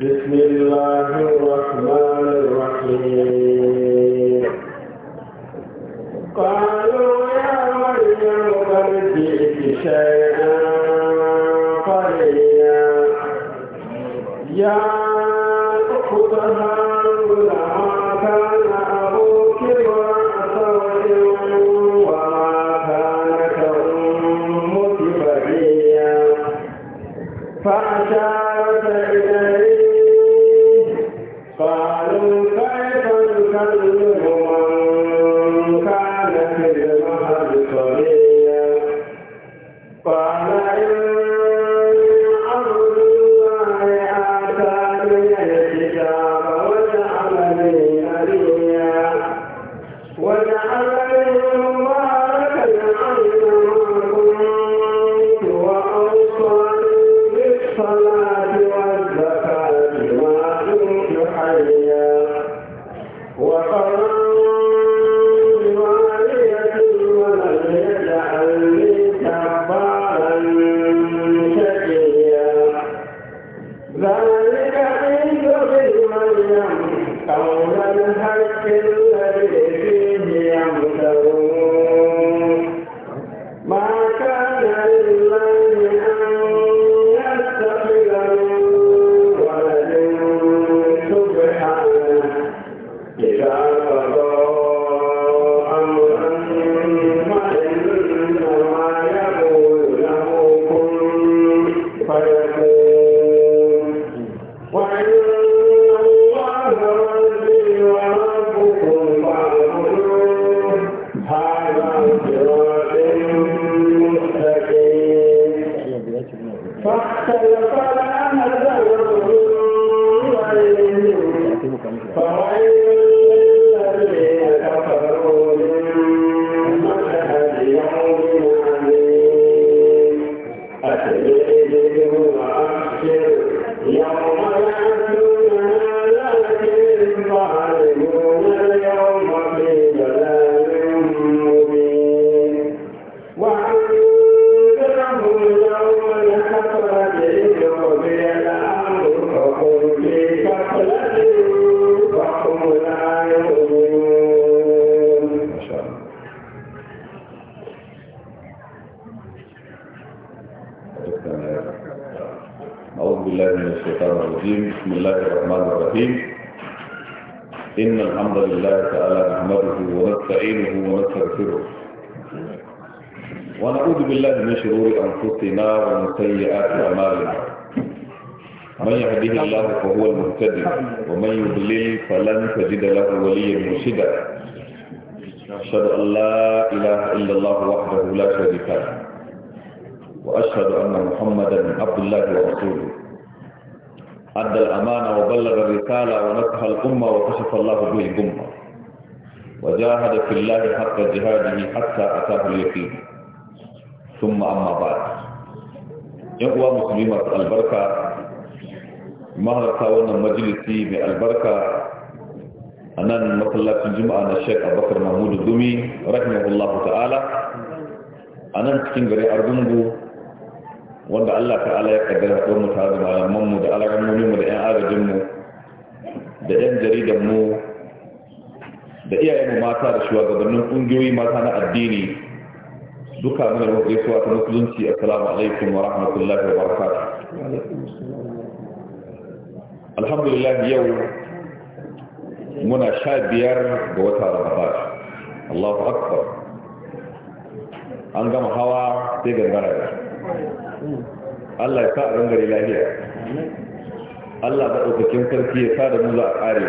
بسم الله الرحمن الرحيم قالوا يا مريم قد جئت شيئا قليلا يا أخت هارون ما كان فاختلف الأمر musulunci assalamu alaikum wa rahmatullahi wa alhamdulillah yau muna sha biyar ga wata ramadan allahu akbar an gama hawa sai gangara da allah ya sa a gangare lafiya allah ba ɗaukakin sarki ya sa da mu za a ƙare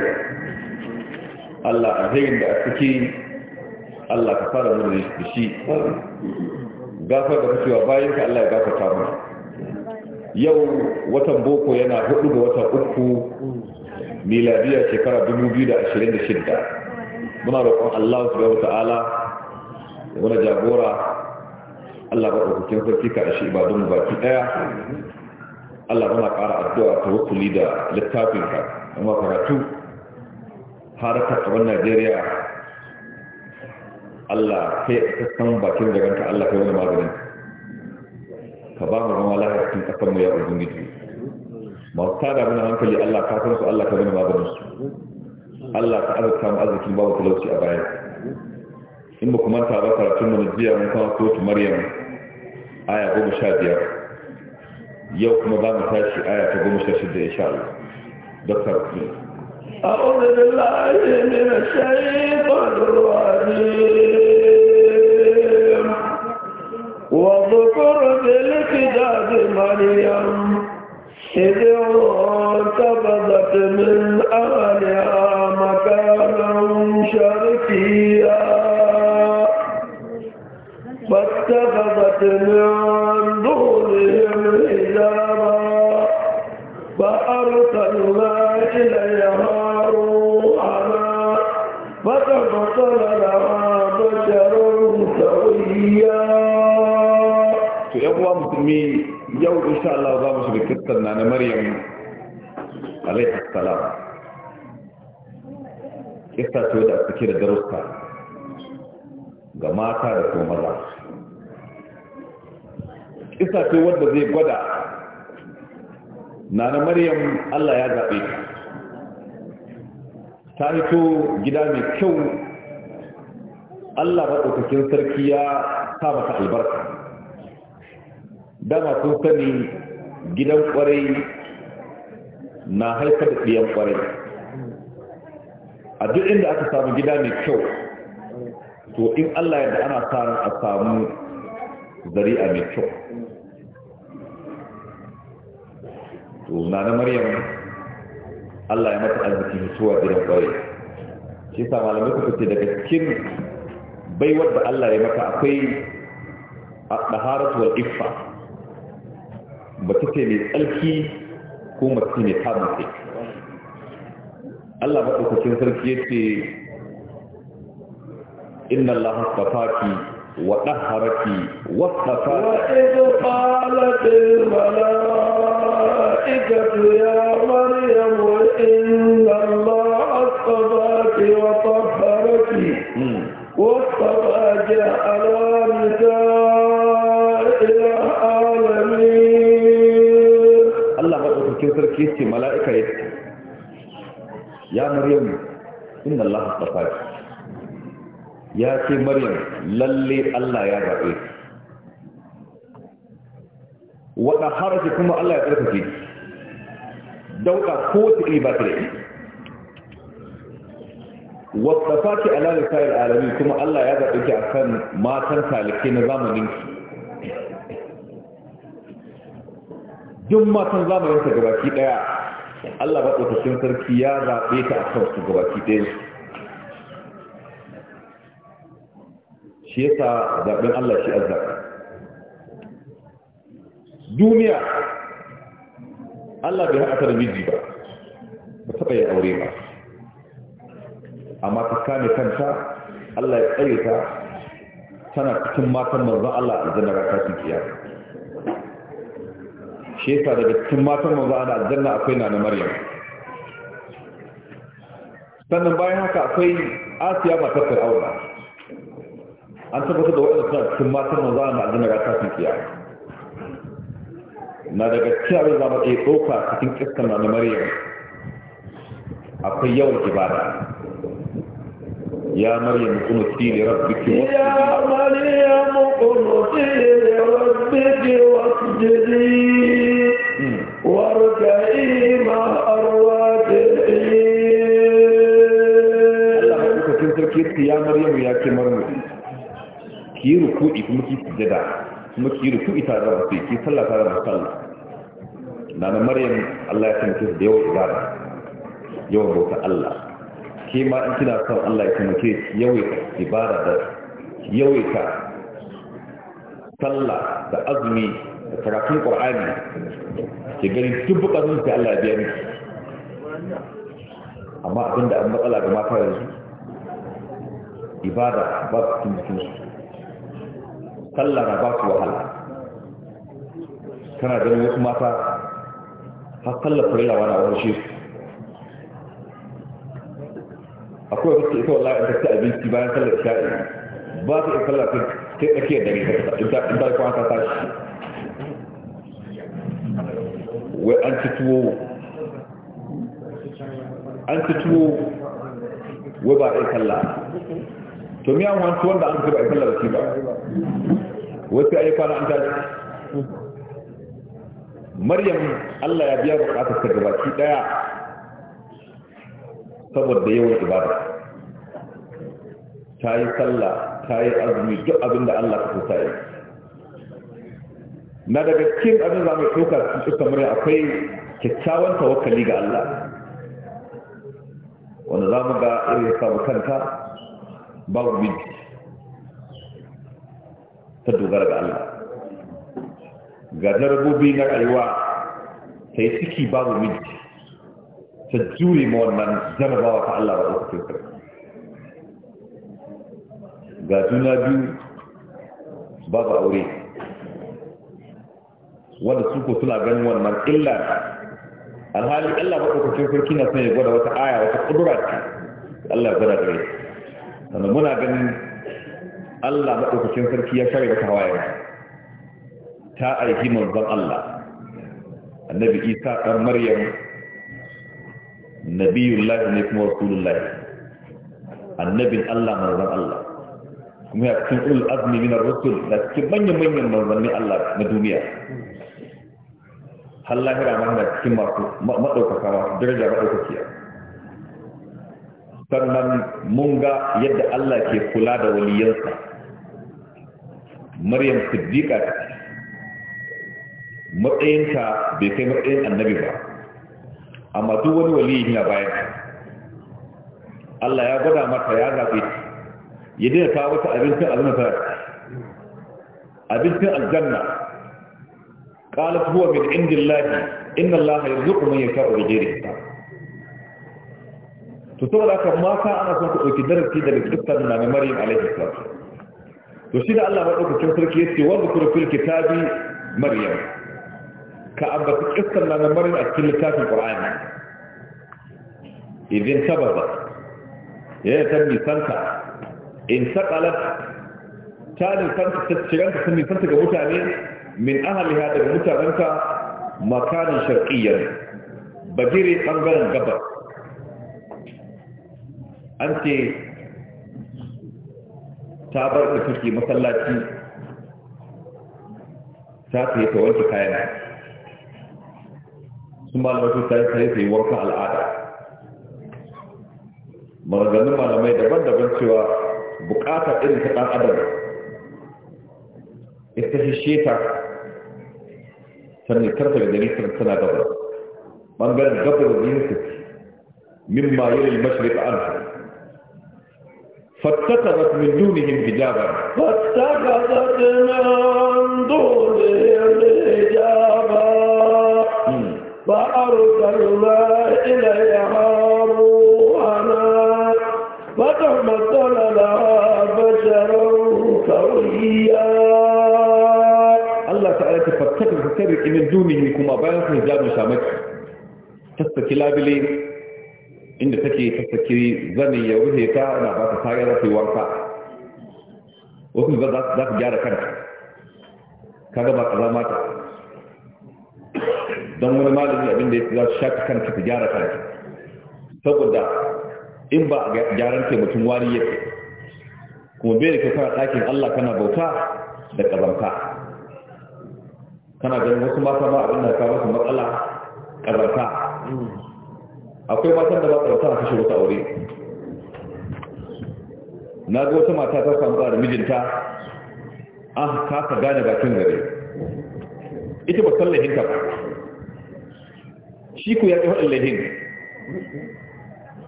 allah a da a ciki allah ka fara mu da shi gafar da kacewa bayan ka Allah ya gafata mu yau watan boko yana hudu ga watan uku miladiya shekara 2026 muna roƙon Allah subhanahu wataala ya wani jagora Allah ba ɗaukakin sarki ka ashe ibadun mu baki ɗaya Allah muna ƙara addu'a ta wakuli da littafinka amma karatu ta tsaron Najeriya Allah kai ka san bakin da ranka Allah kai wani maganin ka ba mu zama lafiya cikin kasar mu ya ubangiji masu tada mana hankali Allah ka san su Allah ka wani maganin su Allah ka azurta mu arzikin babu talauci a baya in ba kuma ta ba karatun mu jiya mun kawo kotu Maryam aya goma sha biyar yau kuma za mu tashi aya ta goma sha shida insha Allah Dr. Abdul أعوذ بالله من الشيطان الرجيم وذكر في الكتاب مريم إذ انتبذت من أهلها مكانا شرقيا فاتخذت من دونهم حجابا فأرسلنا إليها فتبطل لها بشرا سويا to yan uwa musulmi yau insha Allah za mu shiga kissan na na Maryam alaihi salam kissa ce da take da darussa ga mata da kuma maza kissa ce wanda zai gwada na na Maryam Allah ya zabe ta ta rito gida mai kyau Allah maɗaukakin sarki ya sa mata albarka dama sun sani gidan kwarai na haifar da ɗiyan kwarai a duk inda aka samu gida mai kyau to in Allah yadda ana sa a samu zari'a mai kyau to na maryam Allah ya mata arziki mutuwa gidan kwarai shi sa malamai suka ce daga cikin baiwar da Allah ya mata akwai a ɗaharatu ifa ba ta ce mai tsarki ko mace mai kamun kai Allah maɗaukakin sarki ya ce inna Allah hasbafaki وطهرك واصطفاك وإذ قالت الملائكة يا مريم إن الله اصطفاك وطهرك واصطفاك على نساء العالمين الله أكبر كثر كيسي ملائكة يا مريم إن الله اصطفاك ya ce maryam lalle Allah ya zaɓe waɗa harashi kuma Allah ya tsarkake dauka ko ta ba ta yi wata fati alalar sayar alami kuma Allah ya zaɓe ki kan matan talike na zamanin ki duk matan zamanin ta gabaki ɗaya Allah ba tsarkakin sarki ya zaɓe ta akan su gabaki ɗaya shi yasa zaben Allah shi azzaka duniya Allah bai haɗa ta da miji ba ba taɓa yi aure ba amma ta kame kanta Allah ya tsare ta tana cikin matan manzan Allah a aljanna ra kafin kiyama shi yasa daga cikin matan manzan Allah aljanna akwai na na Maryam sannan bayan haka akwai Asiya matar Fir'auna an tabbatar da waɗanda suna cikin matan manzo Allah aljanna ga ta kiya na daga cikin abin zama ɗaya ɗauka cikin kiskan na Maryam akwai yawan ibada يا مريم قنتي لربك يا مريم قنتي لربك واسجدي واركعي مع الراكعين يا مريم يا كمرمي ki yi ruku'i kuma ki sujjada kuma ki yi ruku'i tare da rasul ki sallah tare da rasul nana maryam Allah ya taimake su da yawan ibada yawan bauta Allah ke ma in kina son Allah ya taimake ki yawaita ibada da yawaita sallah da azumi da karatun qur'ani ki gani duk bukatun ki Allah ya biya miki amma abinda an matsala ga mata yanzu ibada ba su cikin su sallah na ba su wahala kana ganin wasu mata har sallar farilawa na warshe su akwai wata ita wallahi in ta abinci bayan sallar sha'i ba su iya sallar ta tsakiyar dare in ta in ta kwana ta tashi wai an ci tuwo an ci tuwo wai ba a iya sallah to me an tuwon wanda an ci ba a iya sallar da shi ba wasu ayi kwana an tashi maryam Allah ya biya bukatar ta ki daya saboda yawan ibada ta yi sallah ta yi azumi duk abin da Allah ka so yi na daga cikin abin za mu ɗauka su iska murya akwai kyakkyawan tawakkali ga Allah wanda za mu ga irin samu kanka babu bidi ta dogara ga Allah ga darabobi na rayuwa ta yi ciki babu miji ta jure ma wannan jarabawa ta Allah ba ɗaukacin sarki ga juna biyu babu aure wanda su ko suna ganin wannan illa alhali Allah ba ɗaukacin sarki na son ya gwada wata aya wata ƙudura ce Allah ya gwada gare sannan muna ganin Allah maɗaukacin sarki ya kare ta waye ta aiki manzon Allah annabi Isa ɗan Maryam nabiyullahi ne kuma rasulullahi annabin Allah manzon Allah kuma ya cikin ul azmi min ar-rusul da cikin manyan manyan manzanni Allah na duniya har lahira ma da cikin masu maɗaukaka daraja maɗaukakiya sannan mun ga yadda Allah ke kula da waliyansa maryam siddiqa matsayinta bai kai matsayin annabi ba amma duk wani waliyi yana bayan Allah ya gwada mata ya zaɓe ya dina ta wata abincin aljanna abincin aljanna قالت huwa min indillahi inna allaha yarzuqu man yasha'u يشاء بغير حساب to saboda haka mata ana son ku dauki darasi daga kristan na maryam alaihi salatu وسيد الله رب تمسك يسي واذكر في الكتاب مريم كأبت قسم لنا مريم أكل كتاب القرآن إذ انتبضت يا تمي سنتا إن سقلت تاني سنتا تشغلت تمي سنتا كمتاني من أهل هذا المتابنة مكان شرقيا بجيري قنبان قبر أنت ta da take masallaci ta sai ta wanke kayan sun malamai sun sai sai sai warka al'ada maganganun malamai daban-daban cewa bukatar irin ta ɗan adam ita shi sheta sannan karfe da nisan tana gaba ɓangaren gabar da yin suke mimma yin mashirka an فاتخذت من دونهم حجابا فاتخذت من دونهم حجابا فأرسلنا إليها روحنا فتمثل لها بشرا سويا الله تعالى فاتخذت من دونهم كما بيان حجاب شامك تستكلا بليه inda take ta saki zanin ya rufe ka na ba ta kariya za ta yi wanka wasu za su gyara kanta kaga ba kaza mata don wani malami abin da za su shaka kanta ta gyara kanta saboda in ba a gyaran ke mutum wari yake kuma bai da ke kana ɗakin Allah kana bauta da ƙazanta kana ganin wasu mata ma abin da ka masu matsala ƙazanta akwai matan da ba ta sa kashe wata aure na ga wata mata ta samu da mijinta an kasa gane bakin gare ita ba sallahin ta ba shi ku ya ƙi faɗin lahin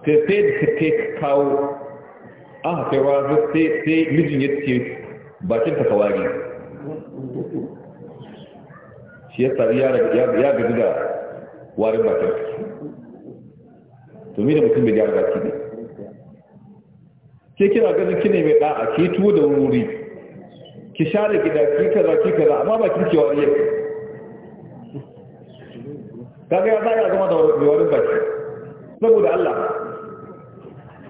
sai sai da ta ke kawo an haka yawa sai mijin ya ce bakin ta kawari shi ya tsari ya gaji da warin bakin domin da mutum bai gyara baki ne ke kira ganin kine mai da ki tuwo da wuri ki share gida ki kaza ki kaza amma ba kin kewa iya kaga ya zaya zama da warin baki saboda Allah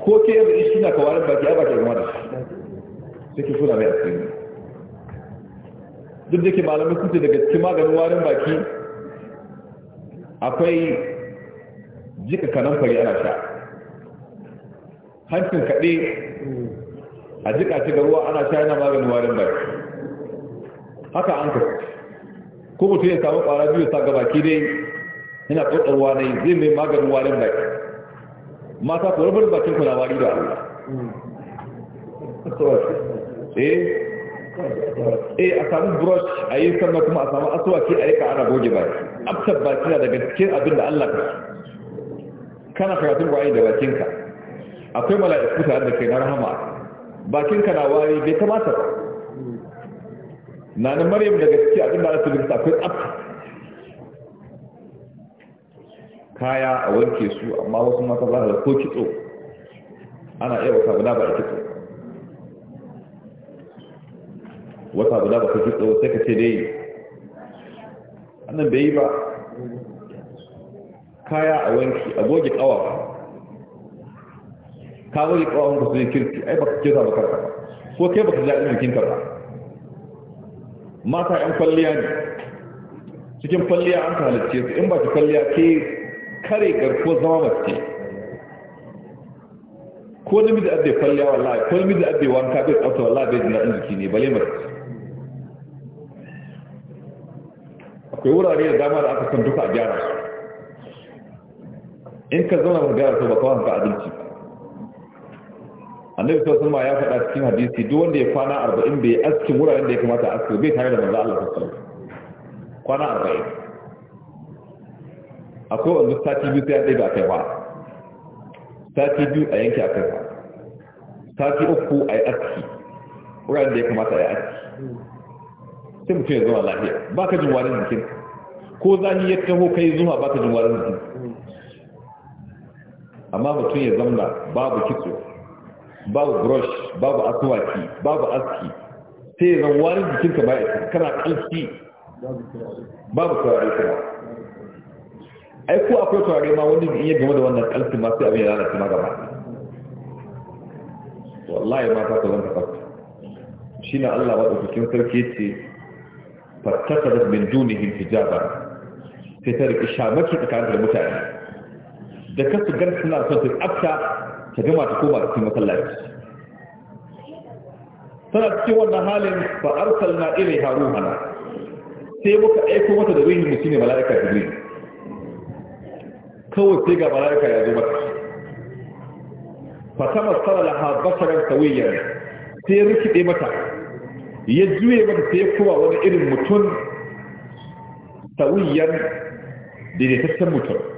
ko ke yanzu in shi na kawarin baki ba baki zama da shi sai ki suna mai asiri duk da ke malamai sun ce daga cikin maganin warin baki akwai jika kanan fari ana sha hancin kaɗe a jika ci ruwa ana sha yana maganin warin bai haka an ka ko mutum ya samu ƙwara biyu sa ki dai yana tsotsar ne zai mai maganin warin bai mata ku rufin bakin kuna wari da Allah eh, eh a samu brush a yi sannan kuma a samu asuwaki a rika ana goge baki abtar baki na daga cikin abin da Allah ka kana karatun ƙwari da bakinka akwai mala'iku tare da kai na rahama bakinka na wari bai kamata ba na nan maryam daga ciki a inda ake lissa akwai tsafta kaya a wanke su amma wasu mata za ko kitso ana iya wata guda ba a kitso wata guda ba ka kitso sai ka ce dai annan bai yi ba kaya a wanki a goge kawa ka goge kawa ka su yi kirki ai baka kira ba karka ko kai baka jaɗin jikin karka mata yan kwalliya ne cikin kwalliya an ka halicce su in ba ki kwalliya ke kare garko zama mace ko namiji abde kwalliya wallahi ko namiji abde wanka bai tsafta wallahi bai jin jiki ne bale mace akwai wurare da dama da aka san duka a gyara su in ka zama magana to ba kawai ka adalci ba annabi sallallahu alaihi ya faɗa cikin hadisi duk wanda ya kwana 40 bai askin wuraren da ya kamata a bai tare da manzo Allah sallallahu alaihi kwana 40 akwai wanda sati biyu sai ya ɗaya ba kai ba sati biyu a yanke a kai ba sati uku a yi aski wuraren da ya kamata a yi aski sai mutum ya zama lafiya ba ka jin warin jikin ko zani ya taho kai zuwa ba ka jin warin jikin amma mutum ya zamna babu kitso babu brush babu asuwaki babu aski sai ya zan warin jikinka ba ya kana kalki babu turare kuma ai ko akwai turare ma wani in ya game da wannan kalki ma sai abin ya lalata ma gaba wallahi ma ta zan ta shi na Allah ba ɗaukakin sarki ce fattaka da min dunihim hijaba sai ta riƙi shamaki tsakanin da mutane da kasu gan suna son su tsafta ta gama ta koma cikin masallaci tana cikin wannan halin na irin haru hana sai muka aiko mata da ruhin mu shine mala'ika jibril kawai sai ga mala'ika ya zo mata fa tamassala laha basharan sawiyyan sai rikide mata ya juye mata sai ya kuma wani irin mutum sawiyyan daidaitaccen mutum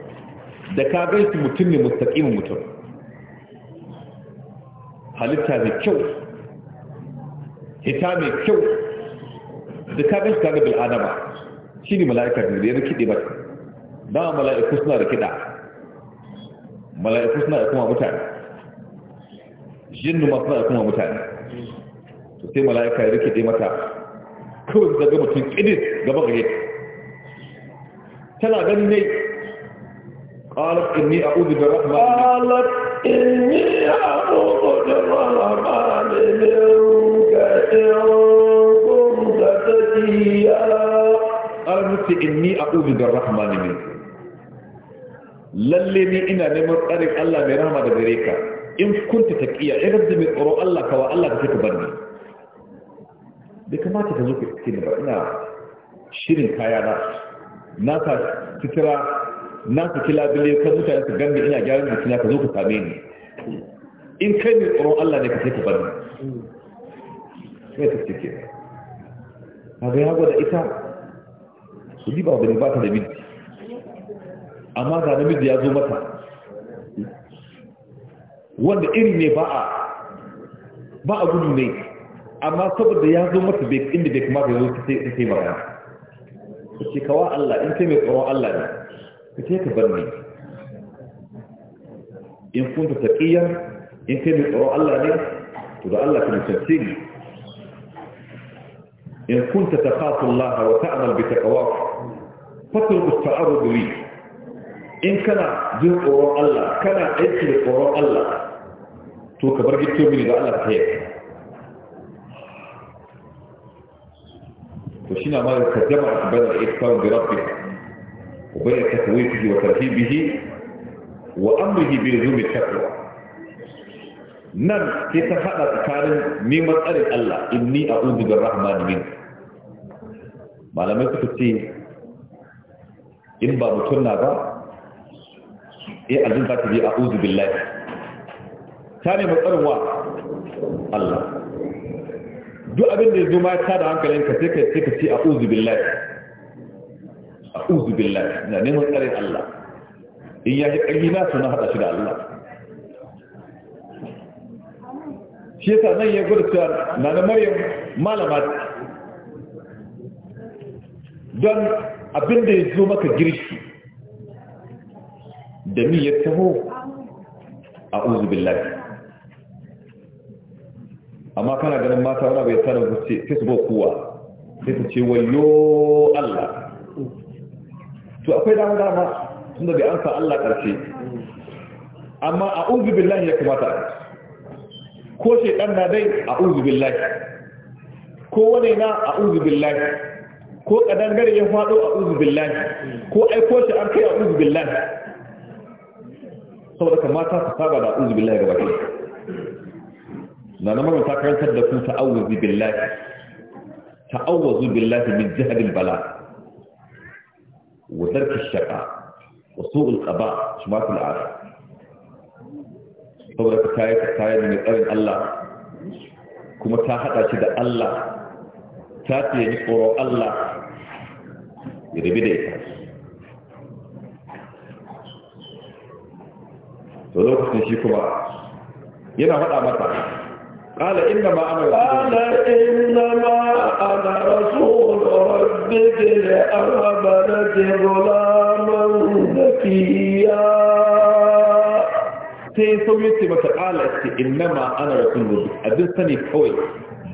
da ka gan su mutum ne mustaƙimin mutum halitta mai kyau hita mai kyau da ka gan shi kaga bil adama ne mala'ika da ya rikide ba da mala'iku suna da kida mala'iku suna da kuma mutane jinnu ma suna da kuma mutane to sai mala'ika ya rikide mata kawai zaga mutum ƙidis gaba gare tana ganin ne قالت إني أعوذ بالرحمن قالت إني أعوذ بالرحمن منك إن كنت تقيا قالت إني أعوذ بالرحمن منك ina neman tsarin Allah mai rahama da gare ka in kunta taqiya in rabbi mai tsoro Allah ka wa Allah ka zo ka tsike ina shirin kaya na na ta fitira Nan ka kila bile ka mutane su gambe ina gyaran jikina ka zo ka same ni in kai ne tsoron Allah ne ka sai ka bari sai ka cike a ga yago da ita su diba ba ba ta da miji amma ga namiji ya zo mata wanda iri ne ba a ba a gudu ne amma saboda ya zo mata bai inda bai kamata ya zo ta sai magana ka ce kawa Allah in kai mai tsoron Allah ne فتيك بني إن كنت تكيا إن كنت رأى الله لي تدأ الله في إن كنت تخاف الله وتعمل بتقواك فتلك التعرض لي إن كان ذلك رأى الله كان عيسر رأى الله توك برجي تومي لدأ الله بحيك وشينا ما يتجمع بين الإفتار بربك وبين تكويفه وترهيبه وأمره بلزوم التقوى نعم كيف هذا كان مما أرد الله إني أعوذ بالرحمن منك ما لم يكن in ba mutum na ba eh aljin za ta je a uzu billahi ta ne matsarwa Allah duk abin da ya zo ma ya tada hankalinka ka ce a uzu a'udhu billahi na mun tsarin Allah in ya ji to na suna haɗa shi da Allah shi yasa nan ya gurta na da maryam malama don abin da ya zo maka girki da ni ya taho a'udhu billahi amma kana ganin mata wani bai ya sai su ba kowa sai ce wayo Allah to akwai dama dama tun daga an Allah ƙarshe amma a uzu billahi ya kamata ko shaidan na dai a uzu billahi ko wani na a uzu billahi ko kadangare ya faɗo a uzu billahi ko ai ko shi an kai a uzu billahi saboda kamata su saba da uzu billahi gaba ke na na mamanta karantar da ku ta'awuzu billahi ta'awuzu billahi min jihadin bala وترك الشقاء وسوء القضاء شمات العافية saboda ka kayi ka kayi mai tsarin Allah kuma ta haɗa shi da Allah ta fiye ni Allah ya rabi da ita to lokacin shi kuma yana haɗa masa. قال إنما أنا قال إنما أنا رسول ربك لأهب لك غلاما زكيا sai sau ce mata ƙala ce innama ana rasul rubi abin sani kawai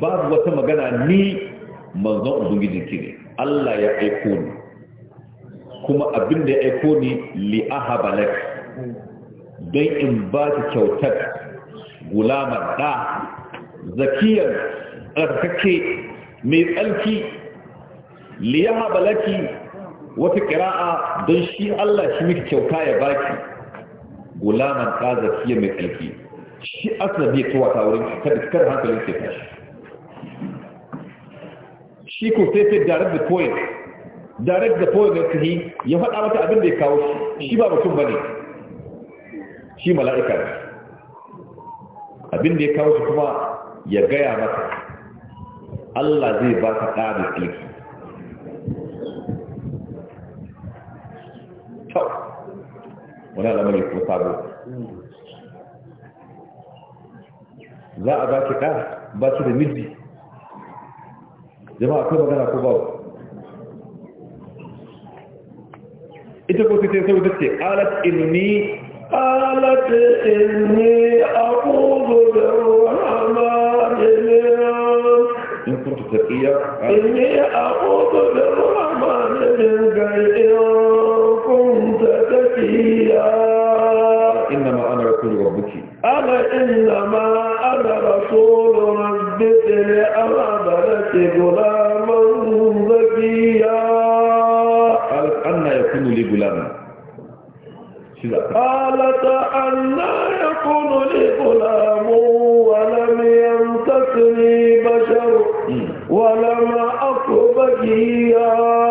babu wata magana ni manzon ubangijin ki ne Allah ya aiko ni kuma abin da ya aiko ni li ahaba lak don in ba ki kyautar gulamar ɗa. zakiyar tsarkake mai tsarki liyaha balaki wata kira'a don shi Allah shi miki kyauta ya baki gulaman ka zakiya mai tsarki? shi asna bai kowa ta wurin kada kar hankalin ke tashi shi ko sai sai direct the point direct the point ga kahi ya faɗa mata abin da ya kawo shi shi ba mutum bane shi mala'ika ne abin da ya kawo shi kuma ya gaya maka Allah zai ba ka ƙarin aiki kyau wani alamari ko sabo za a ba ki ɗa ba ki da miji jama'a akwai magana ko babu ita ko ta ce sau ta ce alat inni قالت إني أعوذ بالرحمن إني أعوذ بالرحمن منك إن كنت تقيا إنما أنا رسول ربك أنا إنما أنا رسول ربك لأرد لك غلاما زكيا أنا يكون لي غلاما قالت أنا يكون لي غلام ولم يمسسني بشر ولم أك بكيا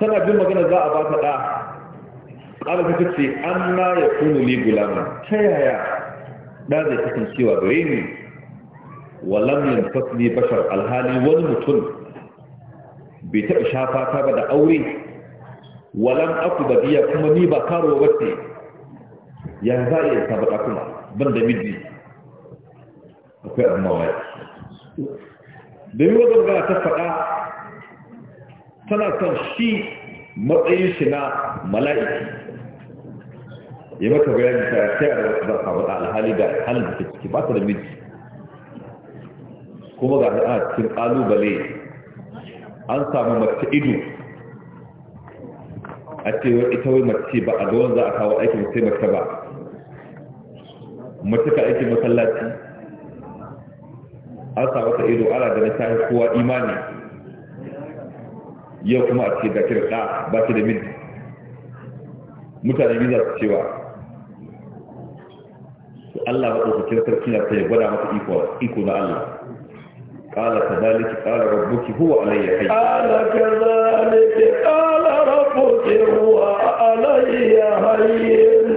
tana bin magana za a ba ta ɗa ƙara ta ce an ya kunu ni gulama ta yaya Da zai kasancewa gare ni walam yin fasli bashar alhali wani mutum bai taɓa shafa ta ba da aure walan aku da biya kuma ni ba karo wacce ya za a yi sabata kuma ban da miji akwai abin Da domin wajen gana ta faɗa tana son shi matsayin shi na mala'iki ya maka bayani ta tayar da wasu zarfa ba alhali da halin da ke ciki ba ta da miji kuma ga a cikin ƙalubale an samu mace ido a ce ita wai mace ba a gawan za a kawo aikin sai mace ba mace ka aikin masallaci an sa mata ido ala da na tashi kowa imani yau kuma a ce ga kirka ba ki da miji mutane biyu za su cewa Allah maɗaukakin sarki na ta gwada mata iko na Allah قال كذلك قال ربك هو علي حي قال كذلك قال ربك هو علي هين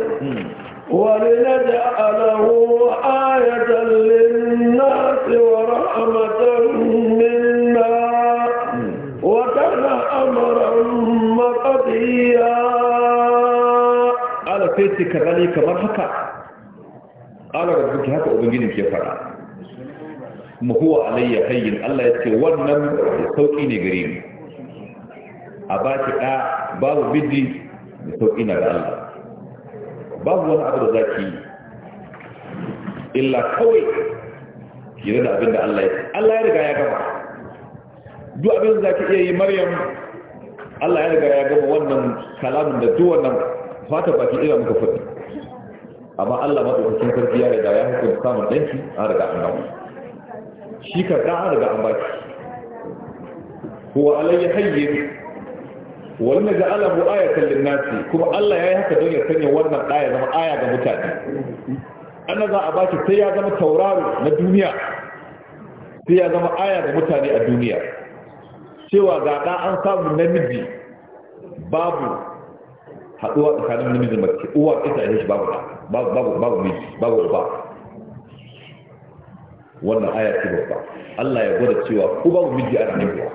ولنجعله آية للناس ورحمة منا وكان أمرا مقضيا قال فيتي كذلك مرحكا قال ربك هكا أبنجينك يا فرع kuma huwa alayya hayyin Allah ya ce wannan sauki ne gare ni a baki ɗa babu biddi da sauki na da Allah babu wani abu da zaki illa kawai ki da abin da Allah ya ce Allah ya riga ya gama duk abin da zaki iya yi Maryam Allah ya riga ya gama wannan kalamin da duk wannan fata baki ira muka faɗi. amma Allah madaukakin sarki ya riga ya hukunta samun ɗanki an riga an gama shi karɓa an riga an baki huwa alayya hayyin wani na ja'alahu ayatan linnasi kuma Allah ya yi haka don ya sanya wannan aya zama aya ga mutane ana za a baki sai ya zama tauraro na duniya sai ya zama aya ga mutane a duniya cewa ga ɗa an samu namiji babu haɗuwa tsakanin namiji mace uwa ita ne shi babu babu babu babu miji babu uba wannan aya ce babba Allah ya gwada cewa ku ba mu miji a cikin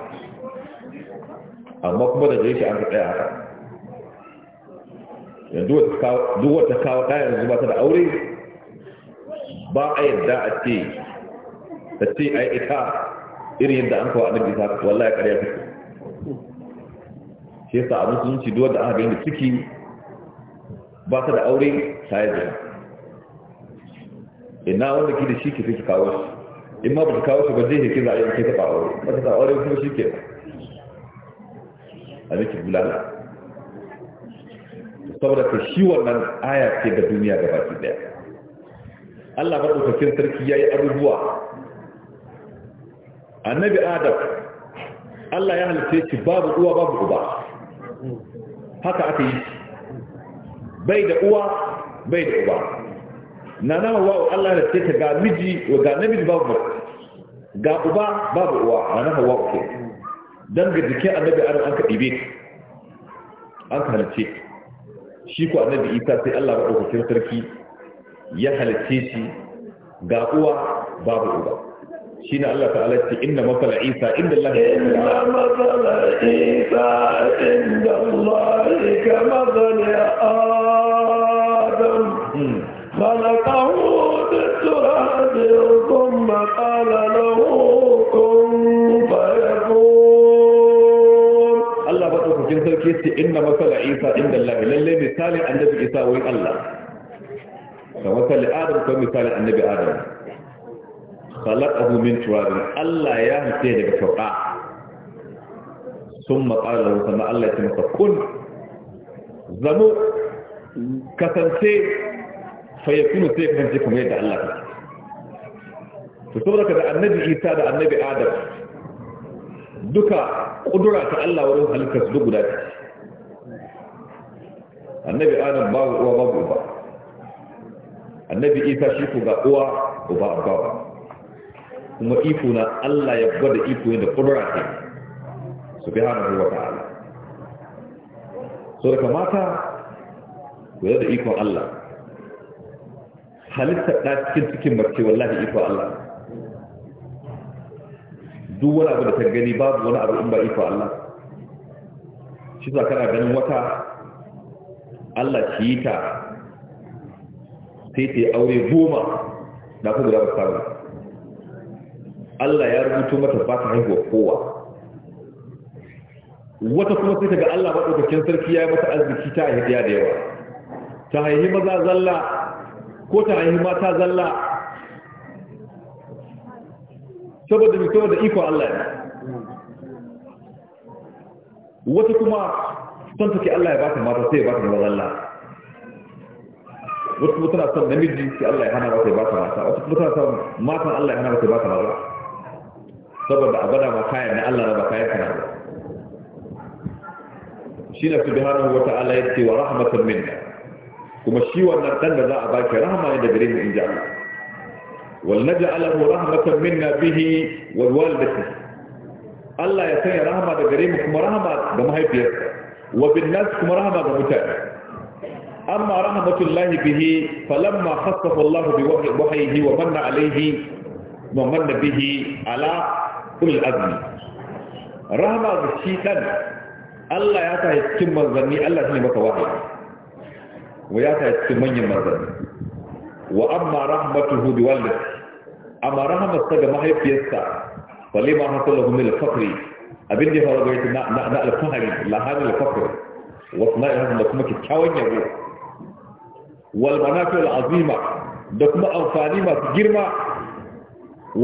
amma kuma da yake an tsaya haka yanzu duk wata kawo ɗaya yanzu ba ta da aure ba a yadda a ce ta ce a ita irin yadda an kawo annabi isa ya ƙarya fito shi yasa sun ci duwar da aka gani da ciki ba ta da aure ta yi jira ina wanda ki da shi ki fi kawo shi إما بتكاوي في بديه كذا يعني كذا قاروا ما كذا قاروا في مشي كذا هذه كبلا لا استمر في شيوة من آية في الدنيا قبل كذا الله برضو كثير تركيا يأرجوا النبي آدم الله يعني في شباب هو باب أبا هكذا أتي بيد أبا بيد أبا na nama wa Allah da ce ta ga miji ga namiji babu ba, ga uba babu uwa na nama wa ke dan ga jikin annabi adam an ka dibe an ka halice shi ko annabi isa sai Allah ba dauka sarki ya halice shi ga uwa babu uba shi na Allah ta'ala ce inna masala isa inda Allah inna masala isa inda Allah kama masala adam hmm. خلقه بالتراب ثم قال له كن فيكون الله فتوك جنس سلكي إن مثل عيسى عند الله للي مثال النبي عيسى وين الله فمثل آدم كمثال النبي آدم خلقه من تراب الله يا لك فقع ثم قال له سمع الله يتمسك كن زمو kasance fa yakunu sai kasance kamar yadda Allah ya to saboda da annabi Isa da annabi Adam duka kudura ta Allah wurin halittar su guda ce annabi Adam babu uwa babu uba annabi Isa shi ko ga uwa uba babu kuma iko na Allah ya gwada iko yadda kudura ta Su subhanahu wa ta'ala so da kamata ku yadda ikon Allah halittar ɗa cikin cikin mace wallahi iko Allah duk wani abu da ta gani babu wani abu in ba iko Allah shi za kana ganin wata Allah ci yi ta sai ta yi aure goma na kuma da ba Allah ya rubuto mata ba ta haihuwa kowa wata kuma sai ta ga Allah maɗaukakin sarki ya yi mata arziki ta haihu da yawa ta haihi maza zalla ko ta ma ta zalla saboda mai saboda iko Allah ya wata kuma son take Allah ya ba ta mata sai ya ba ta zalla wata kuma tana son namiji sai Allah ya hana ba ta ba ta mata wata kuma tana son matan Allah ya hana ba ta ba ta maza saboda a gada ma kayan na Allah na ba kayan kana ba shi na subhanahu wa Allah ya ce wa rahmatan minna kuma shi wannan dan da za a baki rahama ne daga gare in ji Allah wal naj'alahu rahmatan minna bihi wal walidati Allah ya sanya rahama da gare mu kuma rahama ga mahaifiyarsa wa bin nas kuma rahama ga mutane amma rahmatullahi bihi falamma khassafa Allah bi wahyihi wa manna alayhi wa manna bihi ala ulil azmi rahama ga shi dan Allah ya sa cikin manzanni Allah shi ne maka wahayi mu ya ta cikin manyan manzanni wa amma rahmatuhu bi walid amma rahmatsa ga mahaifiyarsa falima hasalahu min al-fakri abin da faru gaita na na al-fahari la hada al-fakr wa sana'a da kuma kikkiawan yabo wal manafi al-azima da kuma amfani masu girma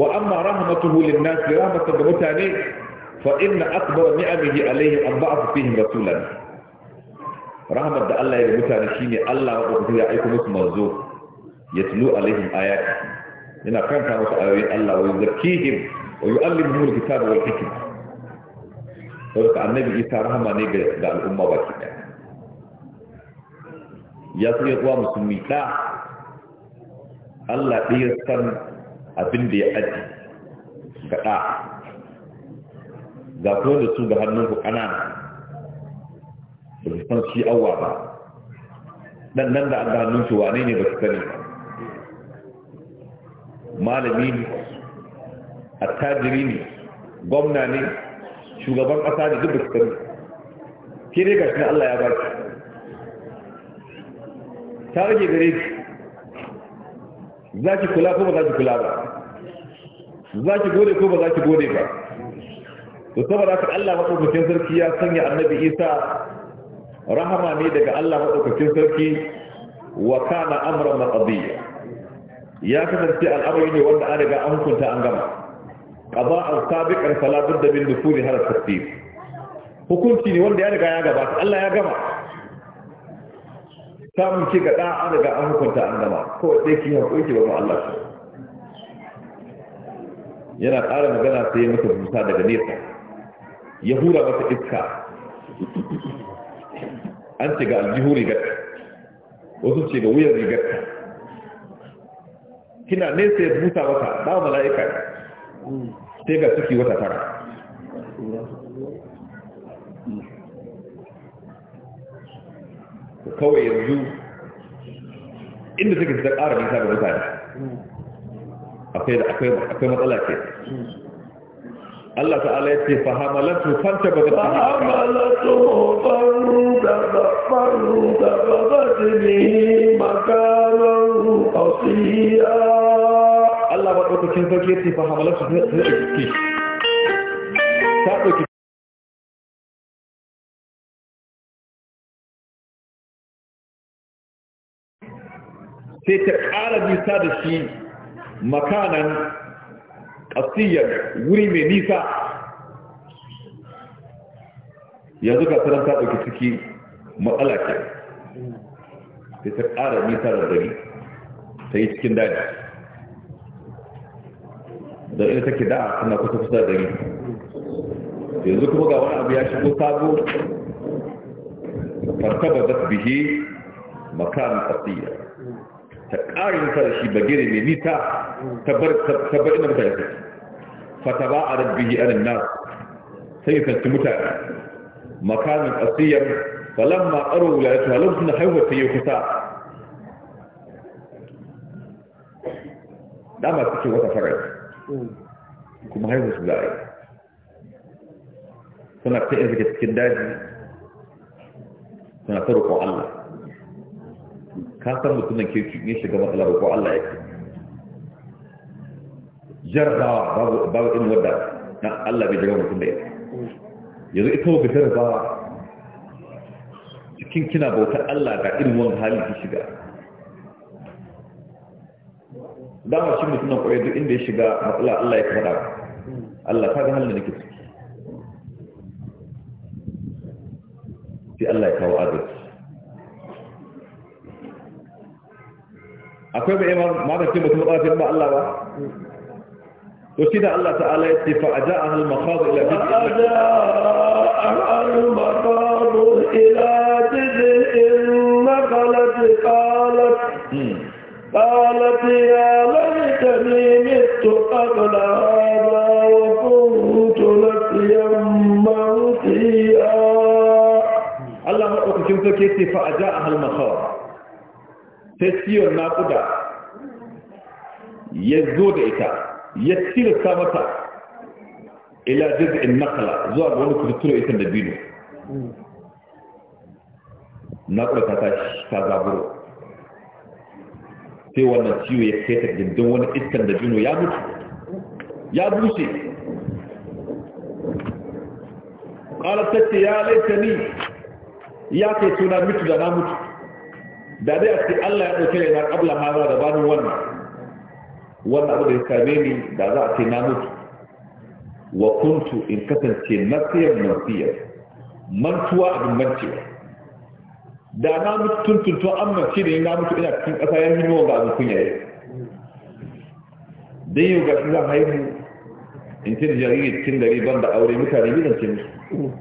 wa amma rahmatuhu lin-nas rahmatsa ga mutane fa inna akbar ni'amihi alayhi an ba'atha fihim rasulan rahmar da Allah ya yi mutane shine Allah maɗaukaki ya aiko musu manzo ya tulu alaihim ayati yana karanta musu ayoyin Allah wa yuzakkihim wa yu'allimuhum alkitaba wal hikma saboda annabi Isa rahama ne ga al'umma baki daya ya san ya uwa musulmi da Allah ɗaya san abin da ya aji ga ɗa ga kuma da su ga hannun ku ƙanana ba su san shi awwa ba dan nan da an da hannun shi wane ne ba su sani malami ne attajiri ne gwamna ne shugaban ƙasa ne duk ba su sani ke dai gashi na Allah ya ba ki ta rage gare za ki kula ko ba za ki kula ba za ki gode ko ba za ki gode ba to saboda haka Allah madaukakin sarki ya sanya annabi Isa rahama ne daga Allah maɗaukakin sarki wa kana amran maqdiya ya kasance al'amari ne wanda an riga an hukunta an gama qada al sabiq al fala budda min dufuri har tasdid hukunci ne wanda ya riga ya gabata Allah ya gama samun ki ga da an riga an hukunta an gama ko dai ki haƙoƙi ba Allah yana ƙara magana sai masa busa daga nesa ya hura masa iska an ce ga aljihu rigarta wasu ce ga wuyar rigarta kina nesa ya buta wata ba mala'ika sai ga ciki wata tara kawai yanzu inda suke ta ƙara nisa ga mutane akwai matsala ke Allah ta'ala ya ce fahamalatu fanta ba ta fahamalatu fanta ba fanta ba ba ta ne makanan asiya Allah ba ɗaukacin sarki ya ce fahamalatu sun ɗauki ta ɗauki sai ta ƙara bisa da shi makanan asiyar wuri mai nisa yanzu ga sanar ta ɗauki ciki matsala ke sai ta ƙara nisa da gari ta yi cikin daji don ina take da'a suna kusa kusa da gari yanzu kuma ga wani abu ya shigo sabo fartaba da bihe makarin asiyar ta ƙara nisa da shi bagire mai nisa ta bar inda mutane suke fata ba a rabbihi anin nas sai kanci mutane makamin asiyar falamma ƙaro wulayatu halar suna haihuwa ta yi kusa dama suke wata farai kuma haihuwa su za a yi suna ta yin suke cikin daji suna ta roƙon Allah ka san mutumin kirki ne shiga matsalar ko Allah ya kai jarabawa babu babu irin wadda na Allah bai jira mutum da ita yanzu ita ba jarabawa cikin kina bautar Allah ga irin wani hali ki shiga dama shi mutumin kwaye duk inda ya shiga matsala Allah ya faɗa Allah ka ga halin da nake ciki sai Allah ya kawo adalci akwai ba imam magance mutum ɗafin ba Allah ba to shi da Allah ta'ala ya ce fa a ja'a hal makhadu ila bi a ja'a hal makhadu ila jizin nakalat qalat قالت يا ليتني مت قبل هذا وكنت نسيا منسيا الله أكرمك كيف فأجاءها المخاض sai ciwon naƙuda ya zo da ita ya ta mata ila in nakala zuwa ga wani kututtura ita da bino naƙuda ta tashi ta zaburo sai wannan ciwo ya kai ta gindin wani iskan da bino ya mutu ya bushe ƙarar ta ce ya laita ni ya kai suna mutu da na mutu da dai a cikin Allah ya ɗauki rai na ƙabla ma za da bani wannan wannan abu da ya same ni da za a ce na mutu wa kuntu in kasance nasiyar nasiyar mantuwa abin mancewa da na mutu tun an mace da na mutu ina cikin ƙasa ya hinuwa ga abin kunya yau yau ga shi zan haihu in ce da jariri cikin gari ban da aure mutane gidan zance musu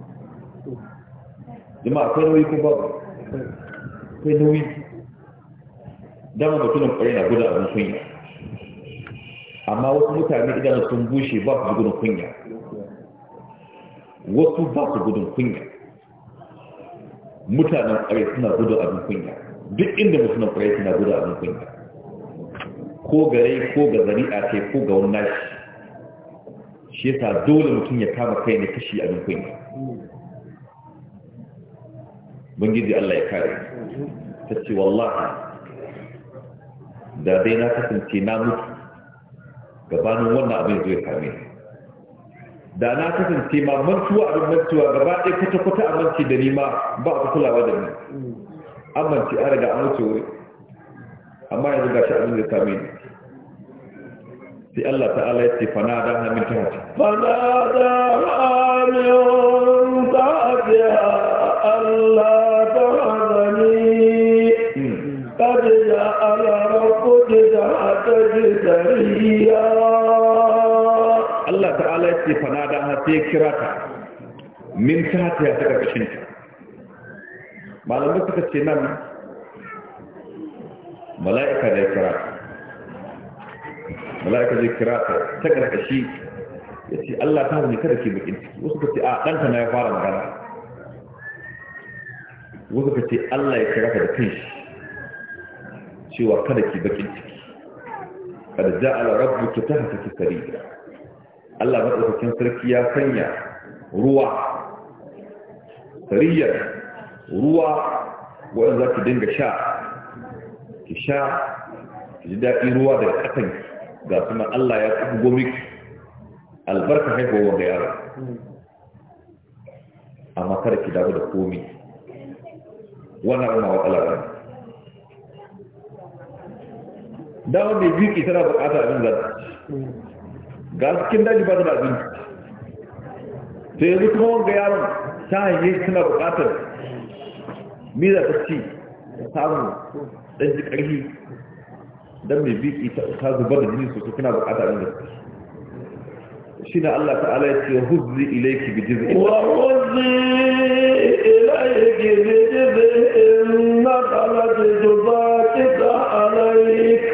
jama'a akwai nauyi ko babu akwai nauyi dama mutumin kwarai na gudun abin kunya amma wasu mutane idan sun bushe ba su gudun kunya wasu ba su gudun kunya mutanen kwarai suna gudun abin kunya duk inda mutumin kwarai suna gudun abin kunya ko gare ko ga zari'a ce ko ga wani nashi shi yasa dole mutum ya kama kai ne kashi abin kunya bangiji Allah ya kare ta ce wallahi da dai na kasance na mutu gabanin wannan abin zai kame da na kasance ma mantuwa abin mantuwa gaba ɗaya kwata-kwata amince da ni ma ba a kulawa da ni amince an riga an wuri amma yanzu ga shi abin zai kame ni sai Allah ta'ala ya ce fana da hannun ta hajji fana da hannun ta Allah ta hannun الله تعالى يتفنى دعها تيكراتا من ساتيا تكشنك ما لم تكشنن ملائكة تيكراتا ملائكة تيكراتا تكشي يتي الله تعالى يتركي بكين وسكتي آقان آه، تنا يفارن غنى وسكتي الله يتركي بكينش cewa kada ki bakin ciki kada ja'ala ta tahtaki sarira Allah madaukakin sarki ya sanya ruwa sariyar ruwa wanda ki dinga sha ki sha ki ji daɗi ruwa daga ƙasan ga kuma Allah ya tsugo miki albarka haihuwa ga yaro amma kada ki dawo da komi wannan rana wa Allah dawo mai biki tana bukatar abin zata ga cikin daji ba da abin to yanzu kuma wanga yaron ta hanyar tana bukatar miza ta ci samu ɗan ji ƙarfi don mai biki ta zubar da jini sosai tana bukatar abin zata shi na Allah ta'ala ya ce huzzi ilaiki bi jiz'in wa huzzi ilaiki bi jiz'in na kalati tubaqita alayka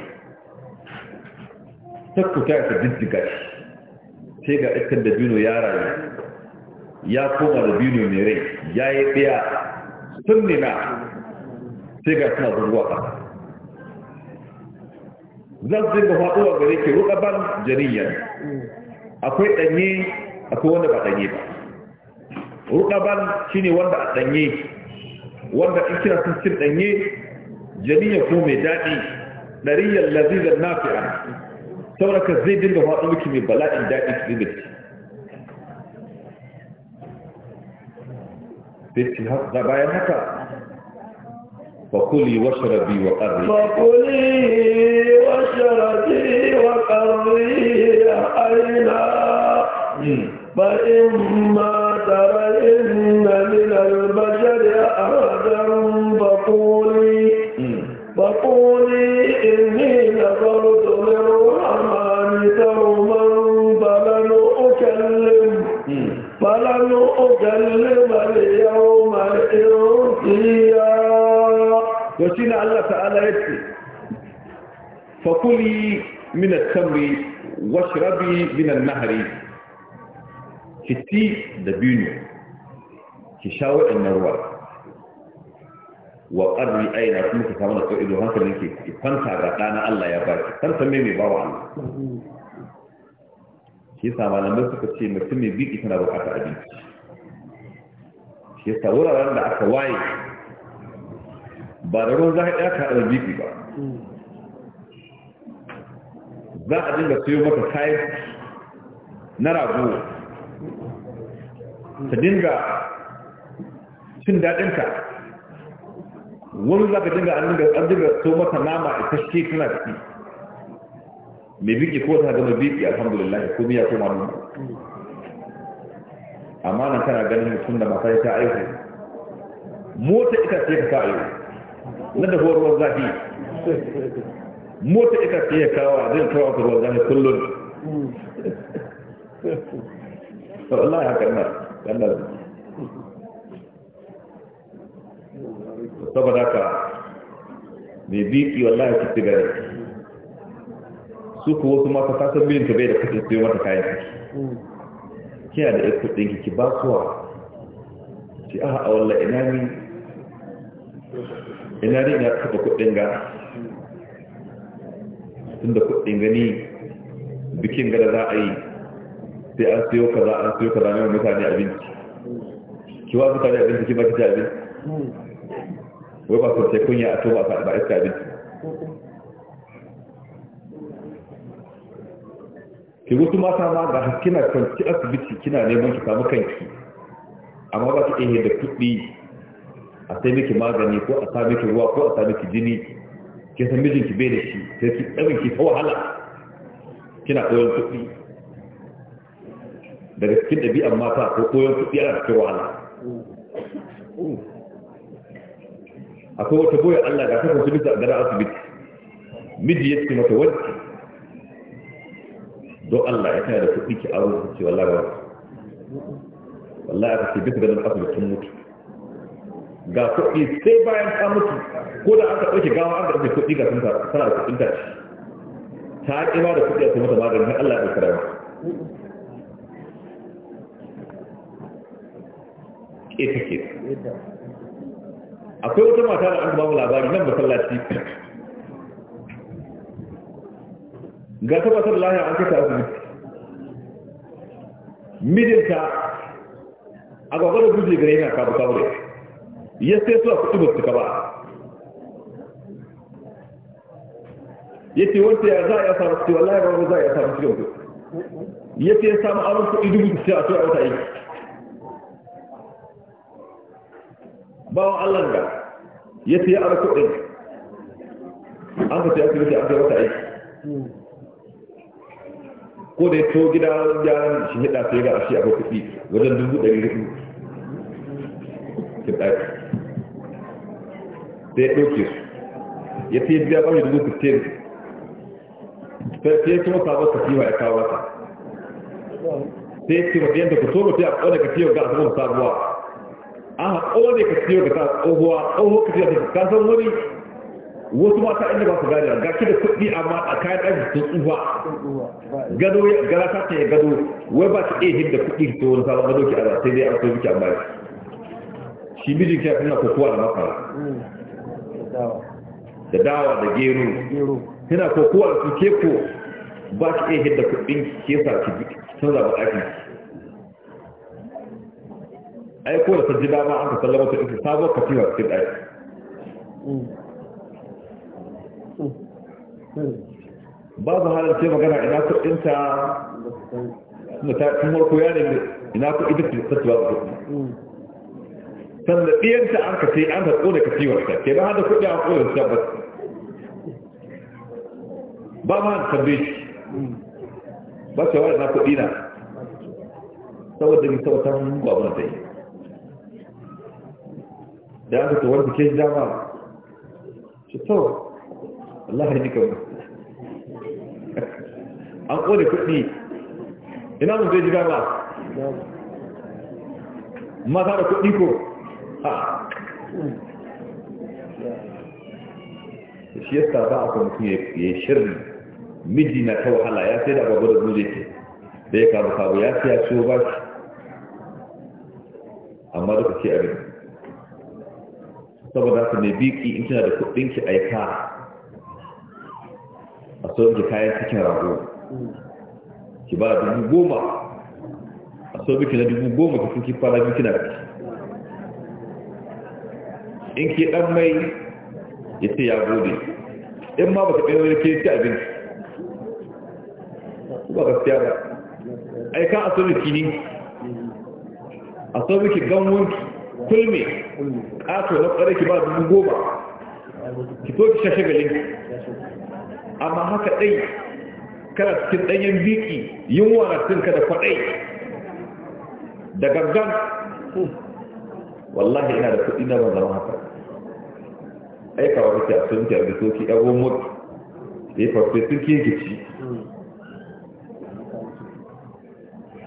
ta kuta ka diddiga shi sai ga iskar da bino ya rayu ya koma da bino mai rai ya yi ɗaya, sun nina sai ga suna zuwa ƙasa zan ga faɗuwa gare ke ban jariyan akwai ɗanye akwai wanda ba ɗanye ba ban shi ne wanda a ɗanye wanda in kira sun cin ɗanye jariyan ko mai daɗi ɗariyar lazizar nafi'a sauraka zai dinga faɗo miki mai bala'in daɗi ki dinga ci sai ci haka bayan haka fakuli washarabi wa ƙarri fakuli washarabi wa ƙarri a aina فإما ترين من البشر أحدا فقولي فقولي إني نظرت للرحمن أنت ومن فلن أكلم فلن اليوم الإنسيا وشين الله تعالى يكفي فكلي من التمر واشربي من النهر كتي دبينو كشاوي النروات wa qarri aina kuma ka samu da ido hankalin ke ki kwanta ga dana Allah ya baki san san me mai bawa Allah shi yasa malamai suka ce mutum mai biki tana bukatar abinci shi yasa wuraren da aka waye ba da ruwan za ka ɗaka da biki ba za a dinga siyo maka kayan na rago Ka dinga cin daɗinka wani za ka dinga an dinga an dinga to masa nama a kashe tana ciki mai biki ko ta gama biki alhamdulillah ko miya ko mamu amma nan kana ganin mutum da mata ta aiki mota ita ce ka kawo na da horo zafi mota ita ce ya kawo zai kawo ka ruwan zafi kullum wallahi haka nan saboda ka mai biki wallahi ki ci gare su kuwa kuma mata ta san biyan bai da kake sai mata kayan ki kiya da ikon ɗinki ki ba suwa ki aha a wallahi ina ni ina ni ina kafa kuɗin ga tun da kuɗin gani bikin gada za a yi sai an siyo kaza an siyo kaza ne mutane abinci ki wa mutane abinci ki ba ki ci abinci wai ba sai kunya a tuba ba ba iska abinci ki wasu mata ma ga kina kwanci asibiti kina neman ki samu kanki amma ba ki iya da kuɗi a sai miki magani ko a sai miki ruwa ko a sai miki jini kin san mijinki bai da shi sai ki ɗarin ki ta wahala kina koyon kuɗi daga cikin ɗabi'an mata ko koyon kuɗi ana cikin wahala akwai wata boye Allah ga kasance bisa gara asibiti miji ya ce mata wani, do Allah ya tana da kuɗi ki aro su ce wallahi ba wallahi aka ce bisa ganin asibiti sun mutu ga kuɗi sai bayan ta mutu ko da aka ɗauke gawa an ɗauke kuɗi ga sun tana da kuɗin tashi ta ƙi ba da kuɗi a sai mata magani har Allah ya ɗauka rawa ƙe take akwai wata mata da an ba mu labari nan masallaci ga ta matar lahiya an kasa asibiti mijinta a gwagwada guje gare yana kabu kabu ya sai su a kuɗi ba su kaba ya ce wanda ya za a yi samu su wallahi ba za a yi samu su ya ce ya samu aron kuɗi dubu su a a wata aiki bawan Allah ga ya ce ara kuɗin an ka ce asibiti an kai wata aiki ko da ya to gida gyaran shi hida sai ga ashe akwai kuɗi wajen dubu ɗari hudu kin ɗaki da ya ɗauke su ya ce biya ba shi dubu sittin sai kuma sabon kasiwa ya kawo mata sai ya ce mafi yadda ku so mafi a ƙone kasiyar ga asibin sabuwa an haƙo ne ka siyo da ta tsohuwa tsoho ka siyo da ta san wani wasu mata inda ba su gane ga ki da kuɗi amma a kayan aji sun tsufa gado ya gara ta ce gado wai ba ki iya hidda kuɗi ta wani sabon gado ki a sai dai an so a amma shi mijin ki yana kokowa da masara da dawa da gero suna kokowa da su ke ko ba ki iya hidda kuɗin ki ke sa ki canza ba ɗaki أي كورة تجدها ما عندك تلغوا تلغوا تلغوا كثيرا كثيرا أي بعض هذا الكيما قلنا إنك إنت نتاك مركو يعني إناتو إدت في القصة بعض الكيما فالذي إنت عن كثيرا أنت تقول كثيرا كثيرا هذا كله عن قول الكيما بعض هذا الكبريش بس إنك إناتو إنا سوى الدنيا سوى تنمو أبنا تيه da aka ta wanda ke dama shi to Allah ya jika ba an ƙone kudi ina mun zai ji dama mata da kudi ko ha shi yasta ba a kwamfin ya shirin miji na ta wahala ya sai da babu da zuje ke da ya kabu kabu ya siya ciwo ba shi amma duka ce abin saboda ku mai biki in kina da kuɗin ki aika a so ki kayan cikin rago ki ba dubu goma a so biki na dubu goma ki kuki kwana biki na biki in ki dan mai ya ce ya gode in ma ba ka ɗaya wani ke ci abinci ba gaskiya ba aika a so biki ne a so biki wunki kulme ƙato na tsare ki ba dubu goma ki to ki shashe galin amma haka ɗai kana cikin ɗanyen biki yin na cikin ka da kwaɗai da gangan wallahi ina da kuɗi na ban zama haka aikawa kake a sun kyar da soki ɗago mot da ya farfe sun keke ci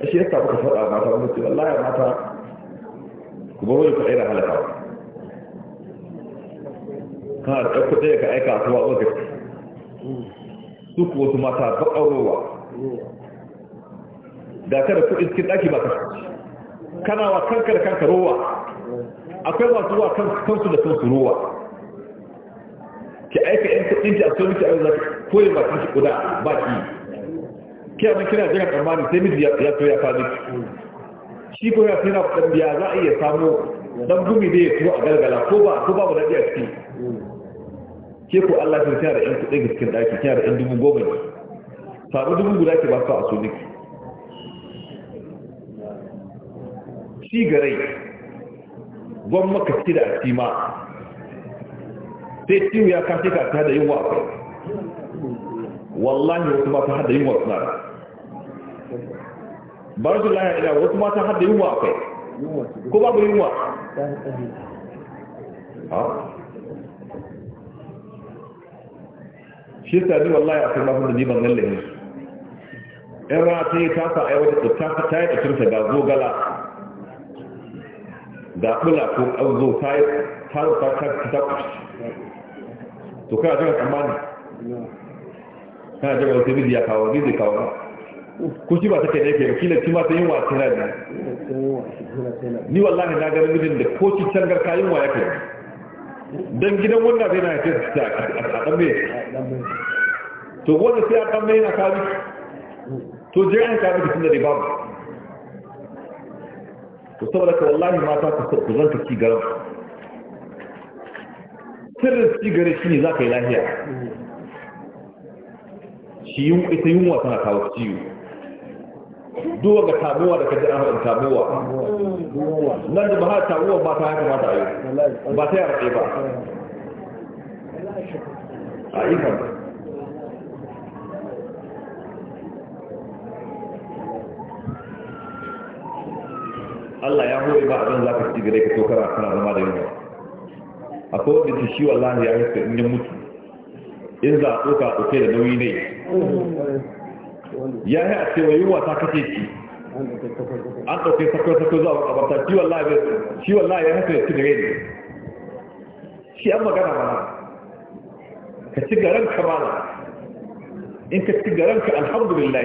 a shi yasa kuka faɗa mata wanda ce wallahi mata ku ka da da halaka kana da ɗauka kuɗai ka aika a kuma lokaci su ku wasu mata baƙarowa da kada kuɗin cikin ɗaki ba ka kana wa kanka da kanka rowa akwai masu wa kansu da kansu rowa ki aika yan kuɗin ki a so miki aure koyi ba kanki guda ba ki kiyama kina jira tsammani sai miji ya so ya fa miki shi ko ya tsira dan biya za a iya samu dan gumi da ya tuwa a gargala ko ba ko ba da biya ciki ke ko Allah ya tsara da ɗan kuɗin cikin ɗaki kiyar ɗan dubu goma ne samu dubu guda ke ba su a so niki shi garai gwan maka ci da asima. sai ciwo ya kashe ka ta da yin wa wallahi wasu ba ta hada yin wa suna ba la ila ina wasu mata har da yunwa akwai ko babu yunwa shi ta ni wallahi a kuma da ni ban galle ne in ra ta yi tasa a yawata ta tasa ta yi tsirta ga zogala ga bula ko ƙarzo ta yi tasa ta ta ta to kana jira tsammani kana jira wata bidiya kawo bidiya kawo ko shi ba take da yake kila shi ma ta yin wasu na biyu ni wallahi na garin mijin da ko shi can garka yin waya kai dan gidan wannan zai na ya ce a ɗan to wanda sai a ɗan mai na kawo to je an kabi bikin da ne babu to saboda ka wallahi mata ku zanta ci garin sirrin ci gare shi ne za ka yi lahiya shi ita yunwa tana kawo ciwo duwa ga tamuwa da kaji amurin tamuwa nan da ba tamuwa ba ta haka mata ayi ba ta yarfe ba a ikon Allah ya hoye ba abin za ka ci gare ka tokara kana zama da yunwa a wanda ta shi wallahi ya yi in mutu in za a tsoka a tsoke da nauyi ne ya yi a cewa yiwuwa ta kace ki an ɗauke sako-sako zuwa kabarta shi wallahi shi wallahi ya haka ya ci gare ne shi an magana mana ka ci garan ka ba. in ka ci garan ka alhamdulillah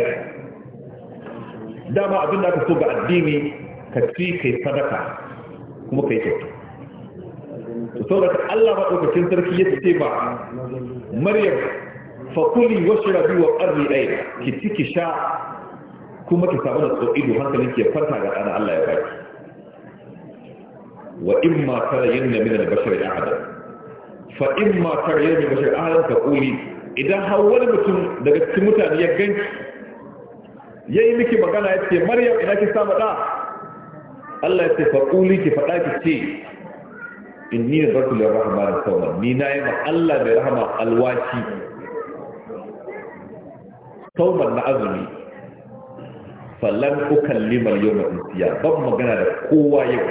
dama abin da aka so ga addini ka ci kai sadaka kuma kai kyautu saboda Allah ba ɗaukacin sarki ya ce ba Maryam fa kuli washrabi wa qarri ɗaya ki ci ki sha kuma ki samu da ido hankalin ki farka ga ɗana Allah ya baki wa in ma imma tarayanna min al-bashari ahada fa in ma tarayanna min al-bashari ahada ka ƙuli idan har wani mutum daga cikin mutane ya ganki yi miki magana ya ce Maryam ina ki samu da Allah ya ce fa kuli ki faɗa ki ce inni rabbil rahman sawma ni na yi ma Allah mai rahama alwaci sauman na azumi fallan limar yau na insiya ban magana da kowa yau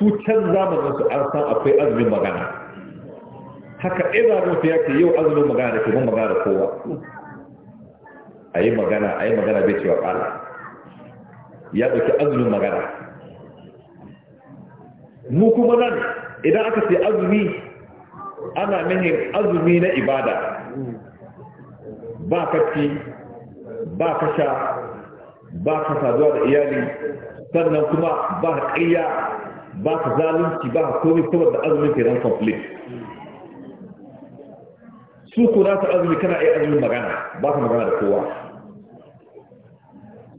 su can zamanin su an san akwai azumin magana haka ɗaya zamanin su ya ce yau azumin magana da ke magana da kowa a yi magana a yi magana bai cewa ƙara ya ɗauki azumin magana mu kuma nan idan aka ce azumi ana mihin azumi na ibada ba kaci ba kasha ba ka saduwa da iyali sannan kuma ba ka ƙarya ba ka zalunci ba ka komi saboda azumin ke ran conflict su ku za ta azumi kana iya azumin magana ba ka magana da kowa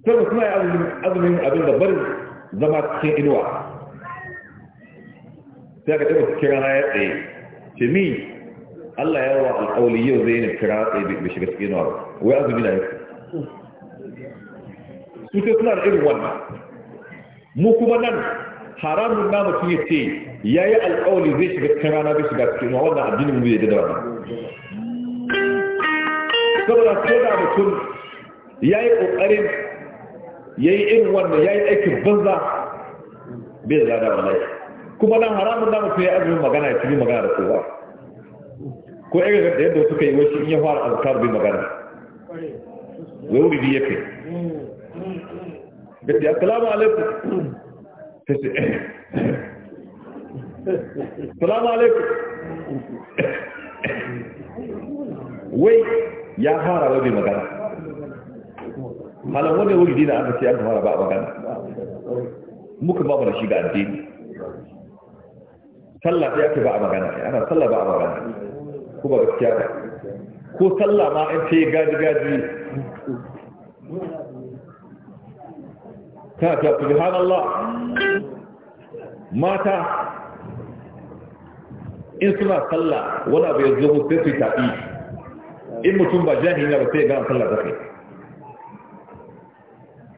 sai kuma yi azumin abin da barin zama cikin inuwa sai ka taɓa cikin rana ya tsaye ce mi Allah ya wa alƙawali yau zai ne kira tsaye bai shiga cikin wa wai azumi na yake su sai suna da irin wannan mu kuma nan haramun na mutum ya ce ya yi alƙawali zai shiga cikin rana bai shiga cikin wa wannan addinin mu ya da wannan saboda ko da mutum ya yi ƙoƙarin ya yi irin wannan ya yi aikin banza bai da lada wallahi kuma nan haramun na mutum ya azumin magana ya ci magana da kowa ko irin da yadda suka yi wasu in ya fara azkar bai magana wai wuri ya kai da ya salamu alaikum salamu alaikum wai ya fara wai magana halin wani wuri dina aka ce an fara ba magana muka ba mana shi ga addini sallah sai ake ba a magana ana sallah ba a magana ko ba gaskiya ba ko sallah ma an ce gaji gaji ta ta Allah mata in suna sallah wala bai zo mu sai su tafi in mutum ba jahili ba sai ga sallah da kai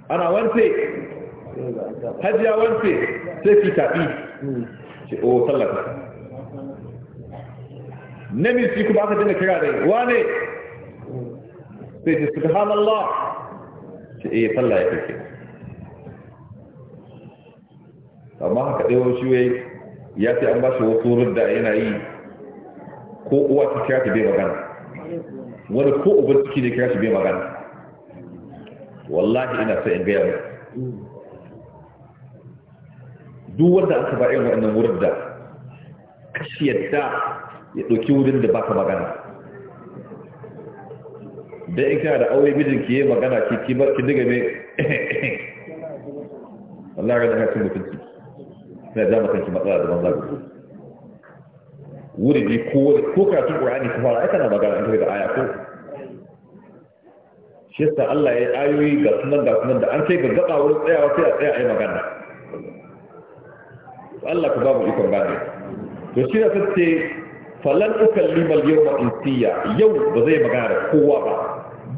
ana wance hajiya wance sai su tafi ce o oh, sallah namiji kuma aka dinga kira dai wane sai ce subhanallah ce eh sallah ya kike amma haka dai shi wai ya ce an ba shi wasu da yana yi ko uwa ta kira ta bai magana wani ko uban ciki ne kira shi bai magana wallahi ina sai in gaya muku duk wanda aka ba irin waɗannan wurin da kashi yadda ya ɗauki wurin da baka magana da in kana da aure mijin ki yi magana ki ki ba ki diga me Allah ya ga cin mutunci sai za mu kanki matsala da banza ku wuri bi ko ko karatun Qur'ani ka fara ai na magana an da aya ko shi yasa Allah ya ayoyi ga sunan ga sunan da an kai ga wurin tsayawa sai a tsaya a yi magana Allah ku babu ikon gane to shi da sace falan ukallima al-yawma insiya yau ba zai magana da kowa ba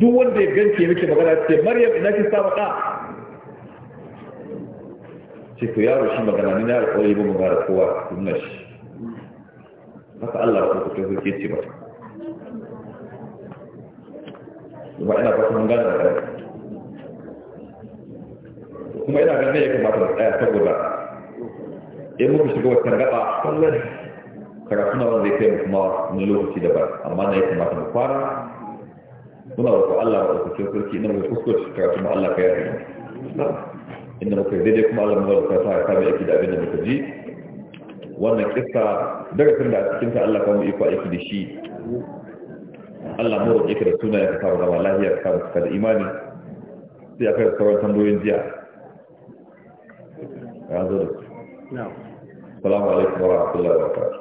duk wanda ya gance miki magana ce maryam ina ki saba da ce to yaro shi magana ni na alƙawari ba magana da kowa sunna shi haka Allah ko ta zuke ce mata kuma ina fata mun gane da kuma ina ganin ya kamata mu tsaya saboda in muka shiga wata gaba wallahi karatu kuma wanda ya kai kuma wani lokaci ba amma na ya kamata mu fara muna roƙo Allah wa ɗaukacin ina inda muka kuskure karatu kuma Allah ka yare inda muka dai daidai kuma Allah mu zaka sa ka bi aiki da abin da muka ji wannan kissa daga tunda a cikin ta Allah ka mu iko aiki da shi Allah mu roƙe ka da suna ya kafa zama lafiya ka da da imani sai aka yi sauran tambayoyin jiya ya zo da su. Salamu alaikum wa rahmatullahi wa barakatuh.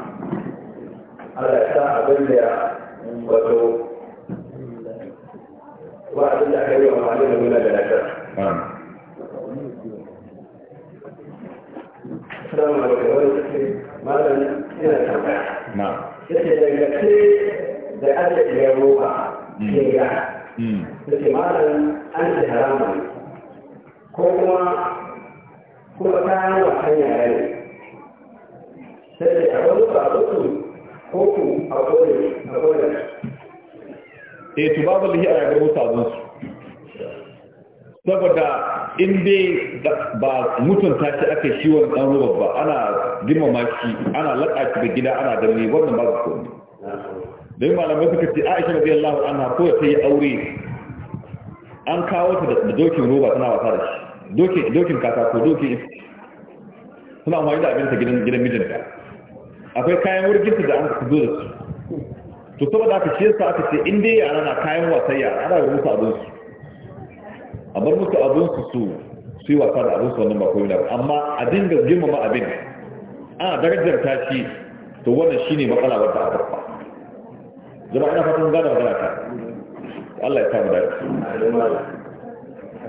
Allah ta abin da wato ba a da aka yi wa malin da nuna da nasar. Sama da wani suke malam yana tambaya. Yake dangace da Allah ya roba shi ya. Yake malam an ce haramun ko kuma kuma kayan wasan yare. Sai da abin da ba hukun a kawai e eh, to babu lahi a yaga mutazin saboda in dai ba mutunta shi aka shi wani dan ruwa ba ana girmama shi ana laƙa shi da gida ana danne wannan ba su komi don malamai suka ce aisha radiyallahu ana ko ta yi aure an kawo ta da dokin roba tana wasa da shi dokin ko dokin suna amfani da abinta gidan mijinta akwai kayan wurgin da an ka zo da su to da aka ce sa aka ce in dai yara na kayan wasan yara ana yi musu abin su a bar musu abin su su su yi wasa da abin su wannan ba komai ba amma a dinga girmama abin a darajar ta shi to wannan shine matsala wadda aka fa jama'a ina fatan gane magana ta Allah ya samu dace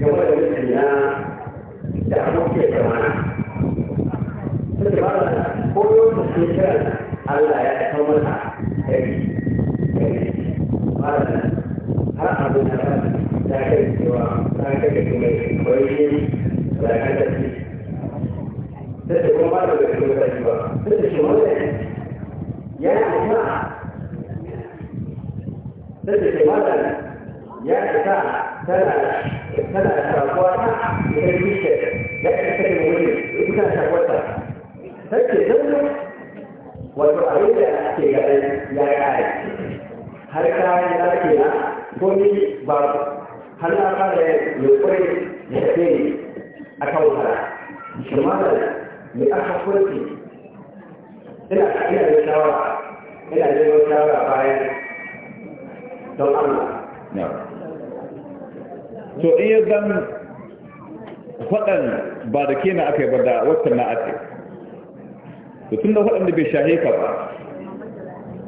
game da mutane da abokin zamana sun da ko yau da sun kira Allah ya kawo mata ɗari ɗari ba da har abin da ba ta kai cewa ta kai da kuma kwayoyi da kan da su da kuma ba da kuma ba da shi ba sun da shi bai shahe ka ba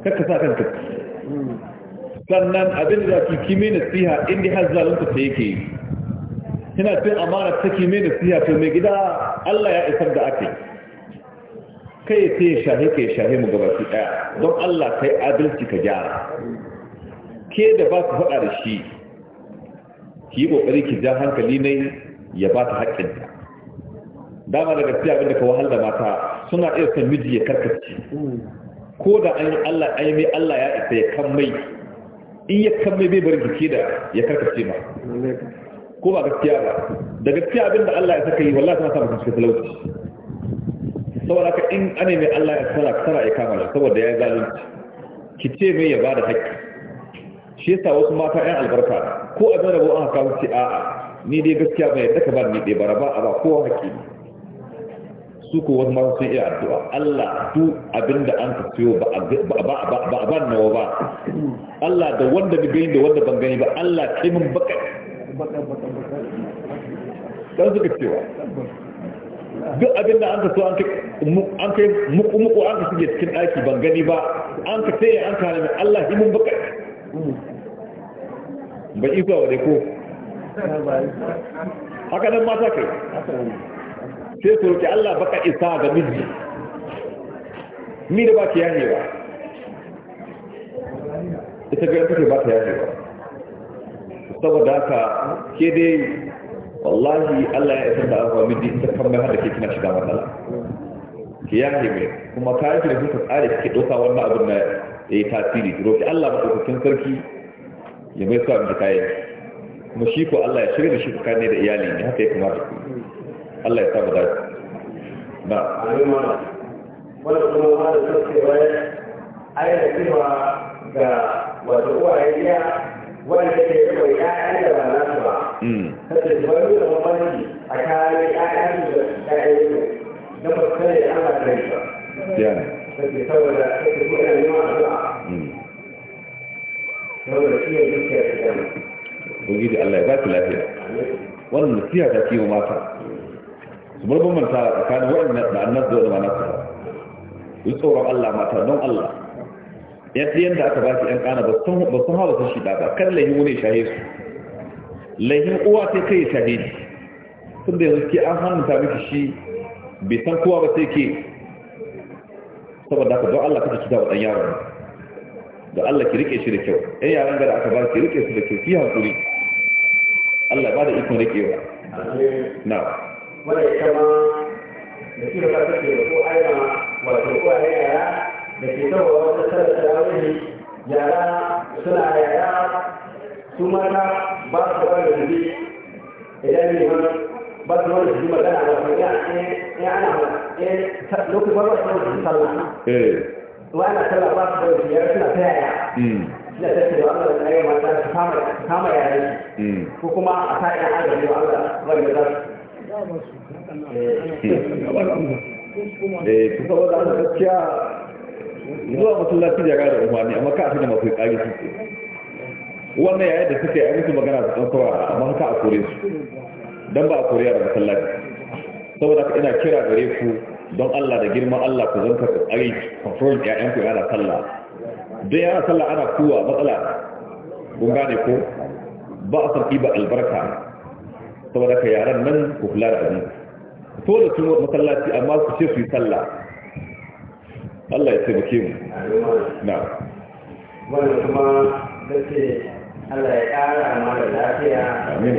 kakka sa kanka sannan abin da ki kime nasiha inda har zalunta ta yake yi kina cin amana ta kime nasiha to mai gida Allah ya isar da ake kai sai ya shahe ka ya shahe mu gabaki daya don Allah kai adalci ka gyara ke da ba ku faɗa da shi ki yi ƙoƙari ki ja hankali ne ya ba ta haƙƙinta dama daga gaskiya abinda ka wahala mata suna iya san miji ya karkace ko da an yi Allah an yi Allah ya isa ya kan mai in ya kan mai bai bari jiki da ya karkace ma ko ba gaskiya ba da gaskiya abinda Allah ya saka yi wallahi tana samun cikin talauci saboda ka in an yi mai Allah ya sara sara ya kama da saboda ya yi zalunci ki ce mai ya bada haƙƙi shi yasa wasu mata yan albarka ko abin rabo an haka wuce a'a ni dai gaskiya bai daka ba ni dai bara ba a ba kowa haƙƙi su ko wasu masu sun iya addu'a Allah duk abinda an ka siyo ba a ba nawa ba Allah da wanda bi gani da wanda ban gani ba Allah kai mun baka dan suka cewa duk abinda an ka so an kai an kai muku muku an ka shige cikin daki ban gani ba an ka sai an ka halin Allah yi mun baka ba isa wa dai ko haka nan mata kai sai su roƙi Allah baka isa ga miji ni da ba ki yahewa ita ga take ba ta yahewa saboda haka ke dai wallahi Allah ya isa da abuwa miji ita kan mai hada ke kina shiga matsala ki yahe mai kuma ta yi da kuka tsare kike ɗauka wannan abin na ya yi tasiri roƙi Allah maɗaukakin sarki ya mai sa miji kayan kuma shi ko Allah ya shirya da shi ne da iyali ne haka ya kamata ku Allah ya samu dace na wanda kuma wanda suke wani ayyana cewa ga wato uwaye iya wanda ke yawa ya'yan da ba nasu ba saboda su bari da mamanci a kayan ya'yan da ya'yan su na ba su kare an ba kare ba saboda saboda su kuma yana neman addu'a saboda shi ne duk ya fi gani Ubangiji Allah ya ba su lafiya. Wannan nasiha ta kiwo mata. su mulmanta tsakanin waɗannan da annas da wani nasu ba yi tsoron Allah mata don Allah yadda yadda aka ba su ‘yan ƙana ba sun hawa sun shida ba kan laihin wani shahe su laihin uwa sai kai shahe shi sun da yanzu ke an ta miki shi bai san kowa ba sai ke saboda ka don Allah kake cuta wa ɗan yaron da Allah ki rike shi da kyau ‘yan yaran gada aka ba ki rike su da kyau fi hankuri Allah ba da ikon rikewa na wadda ita ma da ke ba ta ke da ko aina wato ko aina yara da ke tawa wata sarar tarawih yara suna yara su mata ba su ba da zubi idan ne ma ba su ba da zubi magana ba su ya ya ana ba lokacin ba ba su da sallah eh. wa ana sallah ba su da zubi yara suna ta yaya da hmm. take da Allah da ma ta kama kama yaran hmm. ko kuma a ta sa'in agaji wa Allah wanda za eh su saboda an da gara umarni amma ka kage wannan yayin da suke yi musu magana su kan amma a kore su don ba a kore yara masallaci saboda ina kira gare ku don Allah da girman Allah ku zanka ku tsari control ƴaƴan ku yana sallah don yana sallah ana kuwa matsala kun gane ko ba a san ba albarka saboda ka yaran nan ku kula da ni to da sun masallaci amma ku ce su yi sallah Allah ya taimake mu na wannan kuma ke Allah ya ƙara amma da lafiya amin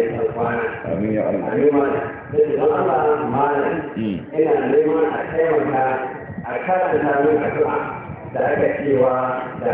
amin ya Allah amin ma kace don Allah malam mm. ina neman a taimaka a karanta min addu'a da aka cewa da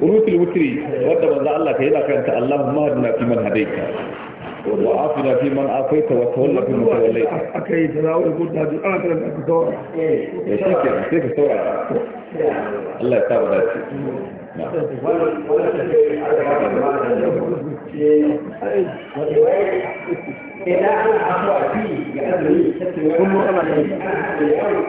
قلوت الوتري وتبع الله كي لك أنت اللهم هدنا في من هديك وعافنا في من عافيت وتولى في من توليت أكي تناول قلت هذه أنا كنت أكي تورا يا شيك يا شيك تورا الله يتابع ذلك نعم